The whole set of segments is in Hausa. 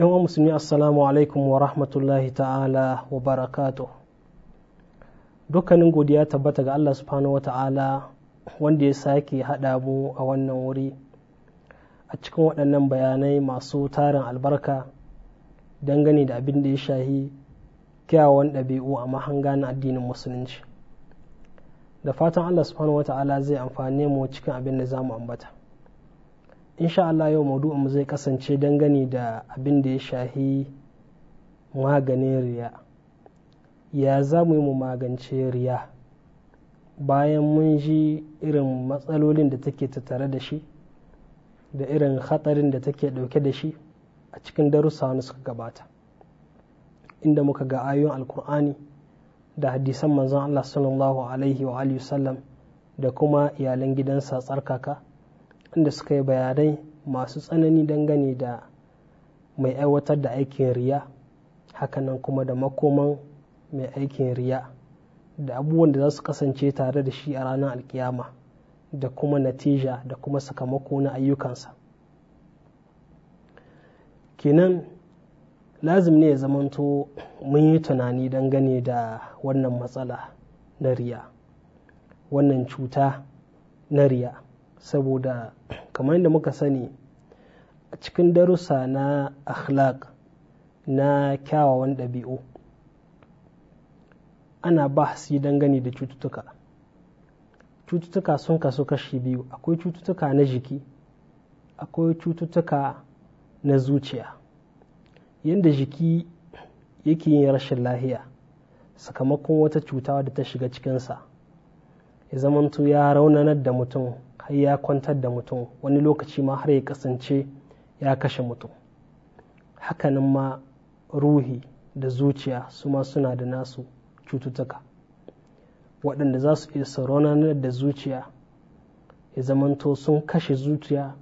yawan musulmi assalamu alaikum wa rahmatullahi ta'ala wa barakatu dukkanin godiya tabbata ga Allah subhanahu wa ta'ala wanda ya sake haɗa mu a wannan wuri a cikin waɗannan bayanai masu tarin albarka dangane da abin da ya shahi kyawawan ɗabi'u a mahanga na addinin musulunci da fatan Allah subhanahu wa ta'ala zai amfane mu cikin abin da za mu ambata insha Allah yau maudu'inmu zai kasance dangane da abin da ya shahi maganin riya ya za mu yi mu magance riya bayan mun ji irin matsalolin da take tattare da shi da irin hatsarin da take ɗauke da shi a cikin darussa wani suka gabata inda muka ga ayoyin alkur'ani da hadisan manzon Allah sallallahu alaihi wa sallam da kuma iyalan gidansa tsarkaka inda suka yi bayanai masu tsanani dangane da mai aiwatar da aikin riya hakanan kuma da makoman mai aikin riya da abubuwan da za su kasance tare da shi a ranar alkiyama da kuma natija da kuma sakamako na ayyukansa kenan lazim ne ya zamanto mun yi tunani dangane da wannan matsala na riya wannan cuta na riya saboda kamar yadda muka sani a cikin darussa na akhlaq na kyawawan ɗabi'u ana ba bahasi dangane da cututtuka cututtuka sun kasu kashi biyu akwai cututtuka na jiki akwai cututtuka na zuciya yadda jiki yake yin rashin lahiya sakamakon wata cuta da ta shiga cikinsa ya zamanto ya raunanar da mutum har ya kwantar da mutum wani lokaci ma har ya kasance ya kashe mutum hakanan ma ruhi da zuciya su ma suna da nasu cututtuka waɗanda za su iya na da zuciya ya zamanto sun kashe zuciya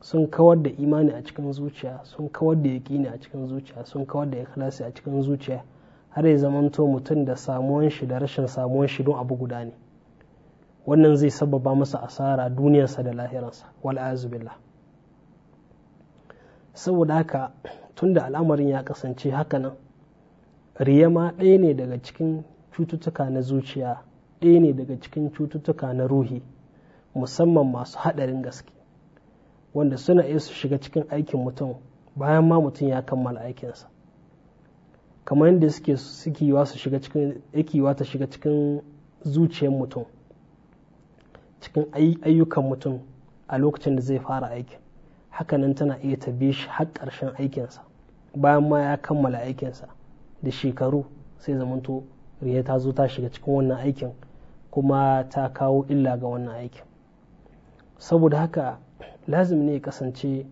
sun kawar da imani a cikin zuciya sun kawar da yaƙini a cikin zuciya sun kawar da ikhlasi a cikin zuciya har ya zamanto mutum da samuwan shi da rashin samuwan shi don abu guda ne wannan zai sababa masa asara duniyarsa da lahiransa wal'azubillah saboda haka tun da al'amarin ya kasance hakanan riyama ɗaya ne daga cikin cututtuka na zuciya ɗaya ne daga cikin cututtuka na ruhi musamman masu haɗarin gaske wanda suna iya su shiga cikin aikin mutum bayan ma mutum ya kammala aikinsa kamar yadda suke suke yiwa ta shiga cikin zuciyar mutum cikin ayyukan mutum a lokacin da zai fara aikin hakanan tana iya ta bi shi har ƙarshen aikinsa bayan ma ya kammala aikinsa da shekaru sai zamanto riya ta zo ta shiga cikin wannan aikin kuma ta kawo illa ga wannan aikin saboda haka lazim ne ya kasance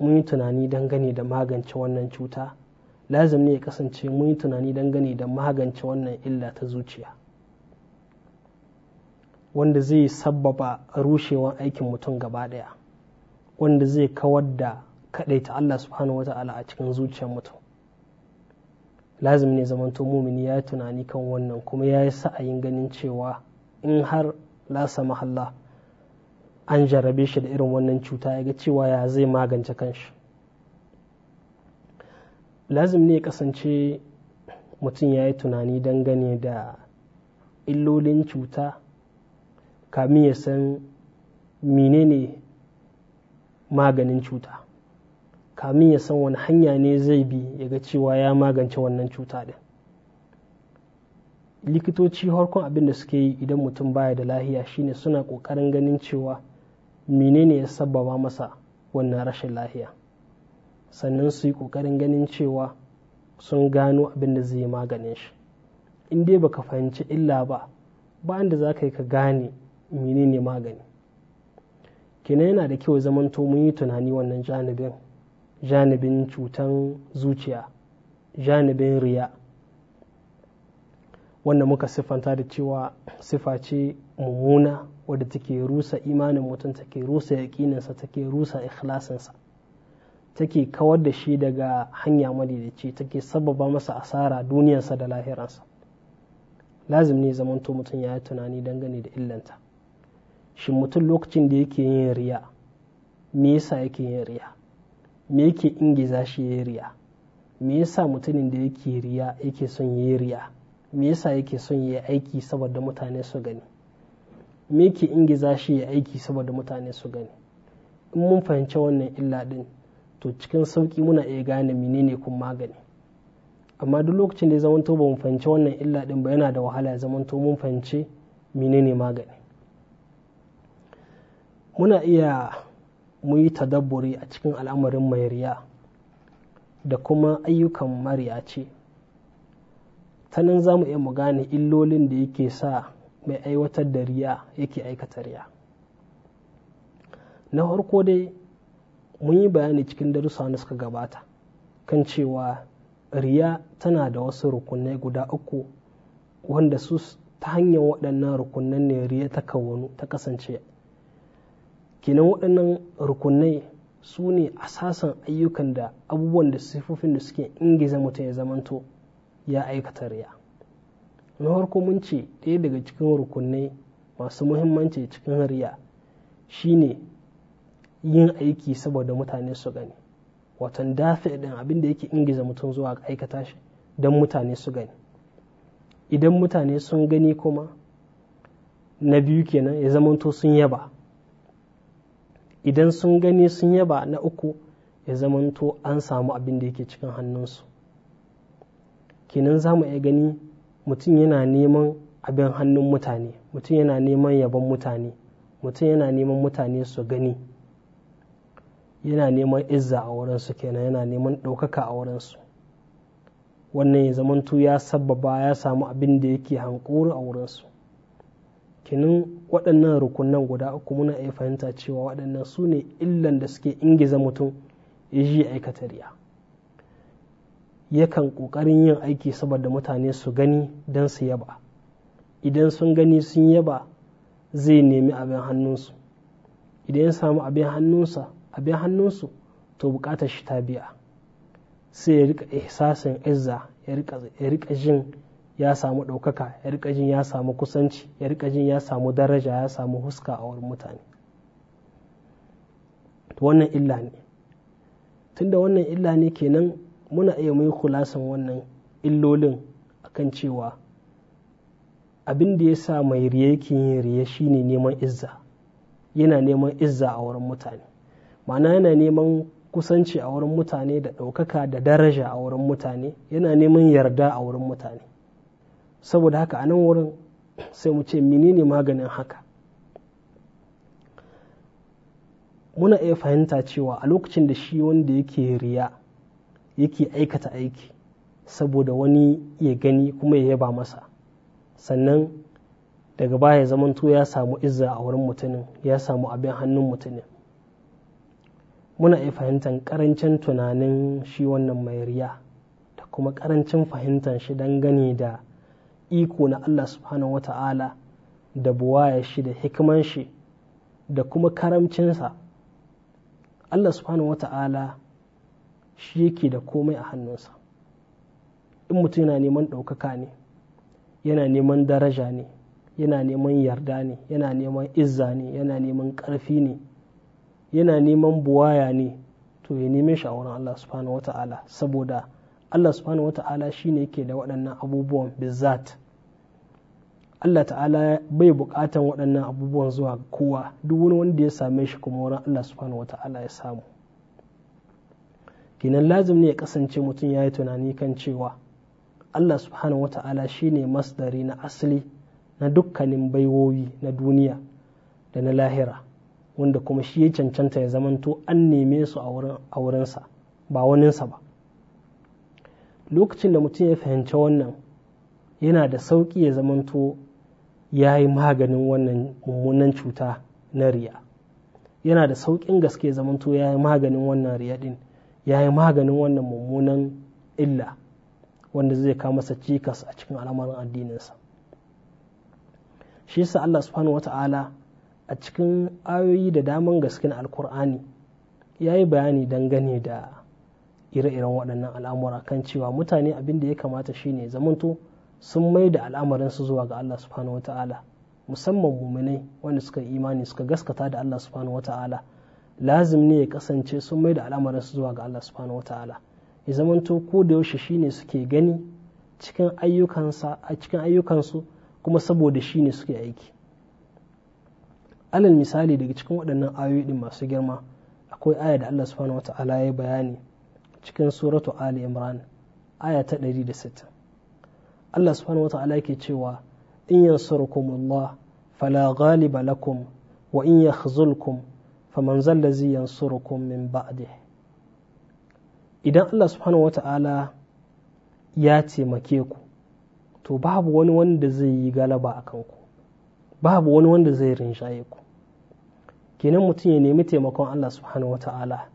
mun yi tunani dangane da magance wannan cuta lazimi ne ya kasance mun yi tunani dangane da magance wannan illa ta zuciya wanda zai sabbaba rushewar aikin mutum gaba ɗaya wanda zai kawar da ta Allah subhanahu wa ta'ala a cikin zuciyar mutum lazim ne zamanto mumini ya yi tunani kan wannan kuma ya yi sa'ayin ganin cewa in har lasa mahalla an jarabe shi da irin wannan cuta ya ga cewa ya zai magance kanshi lazim ne kasance mutum ya yi tunani dangane da illolin cuta kamin ya san menene maganin cuta kamin ya san wani hanya ne zai bi ya ga cewa ya magance wannan cuta din likitoci harkon abin da suke yi idan mutum baya da lahiya shine suna kokarin ganin cewa menene ya sabbaba masa wannan rashin lahiya sannan su yi ƙoƙarin ganin cewa sun gano abin da zai maganin shi in dai baka fahimci illa ba ba inda za ka yi ka gane menene magani kina yana da kyau zamanto mun yi tunani wannan janibin janibin cutan zuciya janibin riya wanda muka siffanta da cewa sifa ce mummuna wadda take rusa imanin mutum take rusa yaƙininsa take rusa ikhlasinsa take kawar da shi daga hanya madaidaici take sababa masa asara duniyarsa da lahiransa lazim ne zamanto mutum ya yi tunani dangane da illanta shin mutum lokacin da yake yin riya me yasa yake yin riya me yake ingiza shi yin riya me yasa mutumin da yake riya yake son yin riya me yasa yake son yi aiki saboda mutane su gani me yake ingiza shi ya aiki saboda mutane su gani in mun fahimci wannan illa din to cikin sauki muna iya gane menene kun magani amma duk lokacin da ya zamanto ba mu fahimci wannan illa din ba yana da wahala ya zamanto mun fahimci menene magani muna iya muyi yi tadabburi a cikin al'amarin mai riya da kuma ayyukan ce, ta nan za mu iya mu gane illolin da yake sa mai aiwatar da riya yake aikata riya na farko dai mun yi bayani cikin darussa na suka gabata kan cewa riya tana da wasu rukunai guda uku wanda su ta hanyar waɗannan rukunan ne riya ta kawo ta kasance kenan waɗannan rukunai su ne asasan ayyukan da abubuwan da sifofin da suke ingiza mutum ya zamanto ya aikata riya na farko mun ce ɗaya daga cikin rukunai masu muhimmanci cikin riya shine yin aiki saboda mutane su gani watan dafi ɗin abin da yake ingiza mutum zuwa aikata shi don mutane su gani idan mutane sun gani kuma na biyu kenan ya zamanto sun yaba idan sun gani sun yaba na uku ya zamanto an samu abin da yake cikin hannunsu kenan za mu iya gani mutum yana neman abin hannun mutane mutum yana neman yabon mutane mutum yana neman mutane su gani yana neman izza a wurinsu kenan yana neman ɗaukaka a wurinsu wannan ya zamantu ya sababa ya samu abin da yake hankuru a wurinsu kenan waɗannan rukunan guda uku muna iya fahimta cewa waɗannan su ne illan da suke ingiza mutum ya ji aikata riya yakan ƙoƙarin yin aiki saboda mutane su gani don su yaba idan sun gani sun yaba zai nemi abin hannunsu idan ya samu abin hannunsu to buƙatar shi ta biya sai ya rika ihsasin izza ya rika jin ya samu ɗaukaka ya rika jin ya samu kusanci ya rika jin ya samu daraja ya samu huska a wurin mutane wannan illa ne tunda wannan illa ne kenan muna iya mai kulasan wannan illolin kan cewa abin da ya sa mai riye yake yin riye shine neman izza yana neman izza a wurin mutane ma'ana yana neman kusanci a wurin mutane da ɗaukaka da daraja a wurin mutane yana neman yarda a wurin mutane saboda haka a nan wurin sai mu ce menene maganin haka muna iya fahimta cewa a lokacin da shi wanda yake riya yake aikata aiki saboda wani ya gani kuma ya yaba masa sannan daga baya zamanto ya samu izza a wurin mutumin ya samu abin hannun mutumin muna iya fahimtar karancin tunanin shi wannan mai riya da kuma karancin fahimtar shi dangane da iko na Allah subhanahu wa ta'ala da buwaya shi da hikiman shi da kuma karamcinsa Allah subhanahu wa ta'ala shi yake da komai a hannunsa in mutum yana neman ɗaukaka ne yana neman daraja ne yana neman yarda ne yana neman izza ne yana neman ƙarfi ne yana neman buwaya ne to ya nemi shi a wurin Allah subhanahu wa ta'ala saboda Allah subhanahu wa ta'ala shi ne yake da waɗannan abubuwan bizzat Allah ta'ala bai buƙatan waɗannan abubuwan zuwa kowa duk wani wanda ya same shi kuma wurin Allah subhanahu wa ta'ala ya samu kenan lazim ne ya kasance mutum ya yi tunani kan cewa Allah subhanahu wa ta'ala shi ne masdari na asali na dukkanin baiwoyi na duniya da na lahira wanda kuma shi ya cancanta ya zamanto an neme su a wurinsa ba waninsa ba lokacin da mutum ya fahimci wannan yana da sauƙi ya zamanto ya yi maganin wannan mummunan cuta na riya yana da sauƙin gaske zamanto ya yi maganin wannan riya ɗin ya yi maganin wannan mummunan illa wanda zai kawo masa cikas a cikin al'amarin addininsa shi yasa Allah subhanahu wata'ala a cikin ayoyi da daman gaskin alkur'ani ya yi bayani dangane da ire-iren waɗannan al'amura kan cewa mutane abin da ya kamata shine zamanto sun mai da al'amarin su zuwa ga Allah subhanahu ta'ala musamman muminai wanda suka imani suka gaskata da Allah subhanahu ta'ala lazim ne ya kasance sun mai da al'amarin su zuwa ga Allah subhanahu ta'ala ya zamanto ko da yaushe shine suke gani cikin ayyukansa a cikin ayyukansu kuma saboda shine suke aiki alal misali daga cikin waɗannan ayoyi masu girma akwai aya da Allah subhanahu ta'ala ya bayani cikin suratu ali imran aya ta 160 Allah subhanahu wa ta'ala ke cewa in yansurkumullah fala ghaliba lakum wa in yakhzulkum faman zallazi yansurukum min ba'dih idan Allah subhanahu wa ta'ala ya taimake ku to babu wani wanda zai yi galaba a kanku babu wani wanda zai rinshaye ku kenan mutum ya nemi taimakon Allah subhanahu wa ta'ala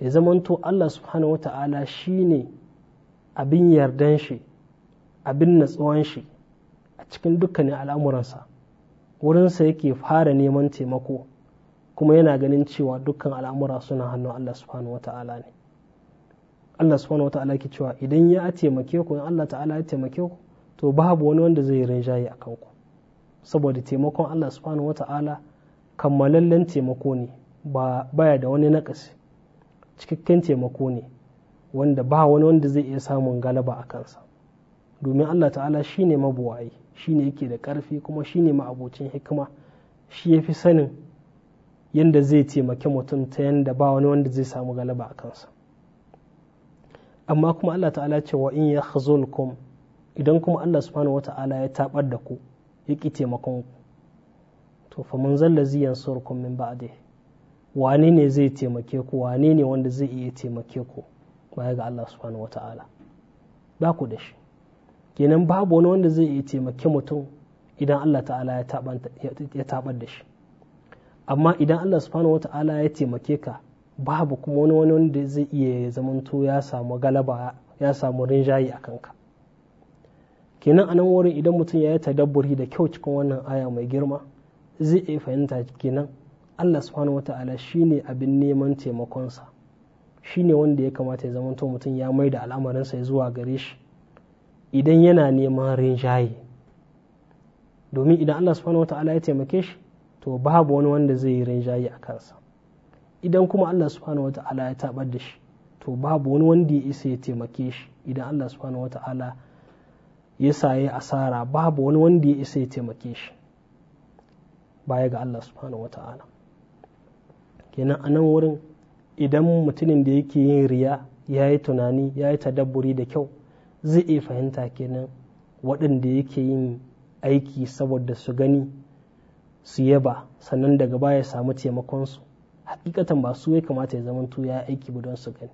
ya zamanto Allah subhanahu wa ta'ala shi ne abin yardan shi abin natsuwan shi a cikin dukkanin al'amuransa wurinsa yake fara neman taimako kuma yana ganin cewa dukkan al'amura suna hannun Allah subhanahu wa ta'ala ne Allah subhanahu wa ta'ala ke cewa idan ya taimake ku in Allah ta'ala ya taimake ku to babu wani wanda zai rinjaye a kanku saboda taimakon Allah subhanahu wa ta'ala kammalallen taimako ne ba baya da wani nakasi cikakken taimako ne wanda ba wani wanda zai iya samun galaba a kansa domin allah ta'ala shi ne mabuwayi shi ne yake da ƙarfi kuma shi ne ma'abocin hikima shi ya fi sanin yadda zai taimaki mutum ta yadda ba wani wanda zai samu galaba a kansa amma kuma allah ta'ala ce wa in ya khazulkum idan kuma allah subhanahu wa ta'ala ya tabar da ku ya ƙi taimakon ku to fa mun zalla ziyan min dai. wane ne zai taimake ku wane ne wanda zai iya taimake ku baya ga Allah subhanahu ta'ala ba ku da shi kenan babu wani wanda zai iya taimake mutum idan Allah ta'ala ya tabar da shi amma idan Allah subhanahu ta'ala ya taimake ka babu kuma wani wani wanda zai iya zamanto ya samu galaba ya samu rinjayi a kanka kenan a nan wurin idan mutum ya yi tadabburi da kyau cikin wannan aya mai girma zai iya fahimta kenan Allah subhanahu shi shine abin neman taimakonsa shi ne wanda ya kamata ya to mutum ya mai da al'amarinsa zuwa gare shi idan yana neman rinjaye domin idan Allah subhanahu ta'ala ya taimake shi to babu wani wanda zai yi rinjaye a kansa idan kuma Allah subhanahu ta'ala ya tabar da shi to babu wani wanda ya isa ya taimake shi idan Allah subhanahu ta'ala ya saye asara babu wani wanda ya isa ya taimake shi baya ga Allah subhanahu ta'ala kenan a nan wurin idan mutumin da yake yin riya ya yi tunani ya yi tadabburi da kyau zai iya fahimta kenan waɗanda yake yin aiki saboda su gani su yaba sannan daga baya samu taimakonsu hakikatan ba su ya kamata ya zamanto ya aiki ba don su gani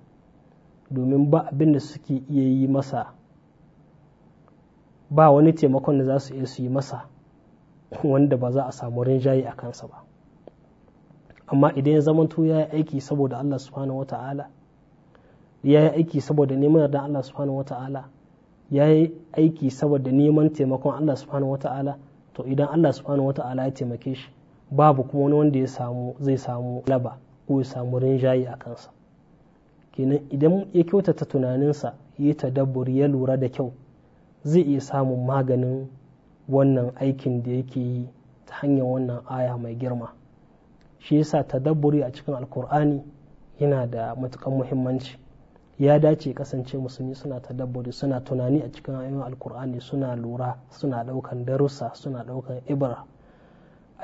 domin ba abin da suke iya yi masa ba wani taimakon da za su iya su yi masa wanda ba za a samu rinjaye a kansa ba amma idan ya zamanto ya yi aiki saboda Allah subhanahu wa ta'ala ya yi aiki saboda neman yardan Allah subhanahu wa ta'ala ya yi aiki saboda neman taimakon Allah subhanahu wa ta'ala to idan Allah subhanahu wa ta'ala ya taimake shi babu kuma wani wanda ya samu zai samu laba ko ya samu rinjaye a kansa kenan idan ya kyautata tunaninsa ya tadabburi ya lura da kyau zai iya samun maganin wannan aikin da yake yi ta hanyar wannan aya mai girma shi yasa tadabburi a cikin alkur'ani yana da matukan muhimmanci ya dace kasance musulmi suna tadabburi suna tunani a cikin ayoyin alkur'ani suna lura suna daukan darussa suna daukan ibra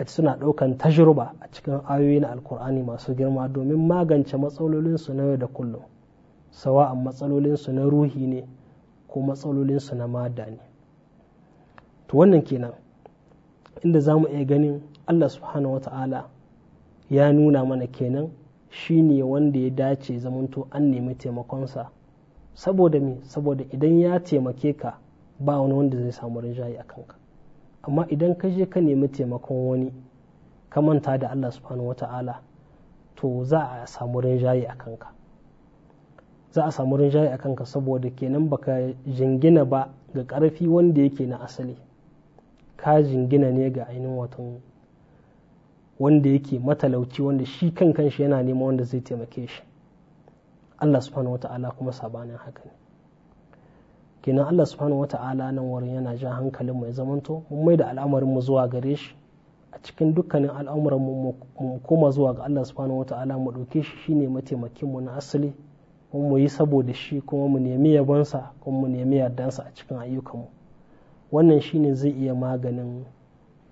suna daukan tajruba a cikin ayoyin alkur'ani masu girma domin magance matsalolinsu na yau da kullum sawa'an matsalolinsu na ruhi ne ko matsalolinsu na mada ne to wannan kenan inda zamu iya ganin allah subhanahu wata'ala ya nuna mana kenan shi ne wanda ya dace zamanto an nemi taimakonsa saboda me saboda idan ya taimake ka ba wani wanda zai samu rinjaye a kanka amma idan ka je ka nemi taimakon wani ka manta da Allah subhanahu wata'ala to za a samu rinjaye a kanka za a samu rinjaye a kanka saboda kenan baka jingina ba ga karfi wanda yake na asali ka jingina ne ga ainihin watan wanda yake matalauci wanda shi kan kanshi yana nema wanda zai taimake shi Allah subhanahu wata'ala kuma sabanin haka ne kenan Allah subhanahu wata'ala nan wurin yana jan hankalin mai zamanto mun mai da al'amarin mu zuwa gare shi a cikin dukkanin al'amuran mu koma zuwa ga Allah subhanahu wata'ala mu ɗauke shi shine mataimakin mu na asali mun mu yi saboda shi kuma mu nemi yabonsa kuma mu nemi yardansa a cikin ayyukanmu wannan shine zai iya maganin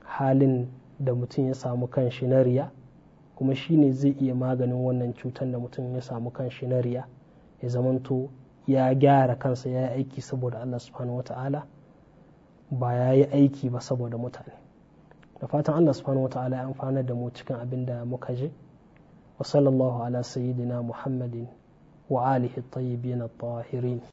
halin da mutum ya samu kan shi na riya kuma shi ne zai iya maganin wannan cutar da mutum ya samu kan shi na riya ya zamanto ya gyara kansa ya yi aiki saboda Allah subhanahu ta'ala ba ya yi aiki ba saboda mutane da fatan Allah subhanahu ta'ala ya amfana da mu cikin abin da muka je wa sallallahu ala sayyidina muhammadin wa alihi tayyibin at-tahirin